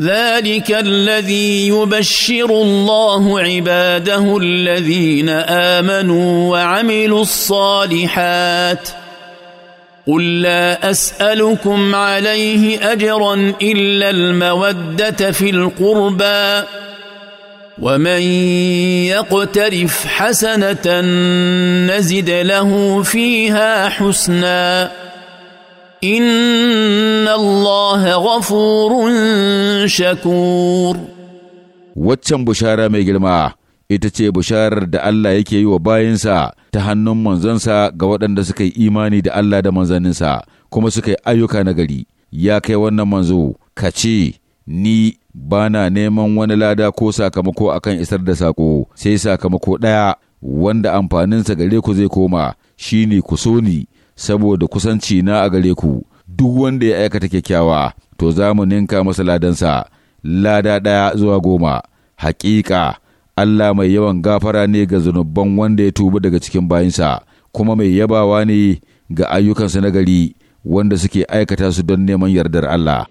ذلك الذي يبشر الله عباده الذين امنوا وعملوا الصالحات قل لا اسالكم عليه اجرا الا الموده في القربى ومن يقترف حسنه نزد له فيها حسنا إن الله غفور شكور waccan bushara mai girma ita ce busharar da Allah yake yi wa bayansa ta hannun manzonsa ga waɗanda suka yi imani da Allah da manzaninsa kuma suka yi ayyuka na gari ya kai wannan manzo kace, ni bana neman wani lada ko sakamako akan isar da sako sai sakamako ɗaya wanda amfaninsa gare ku zai koma shine ku so ni saboda kusanci na a gare ku duk wanda ya aikata kyakkyawa to za mu ninka masa ladansa lada ɗaya zuwa goma haƙiƙa Allah mai yawan gafara ne ga zunubban wanda ya tuba daga cikin bayinsa kuma mai yabawa ne ga ayyukansa na gari wanda suke aikata su don neman yardar Allah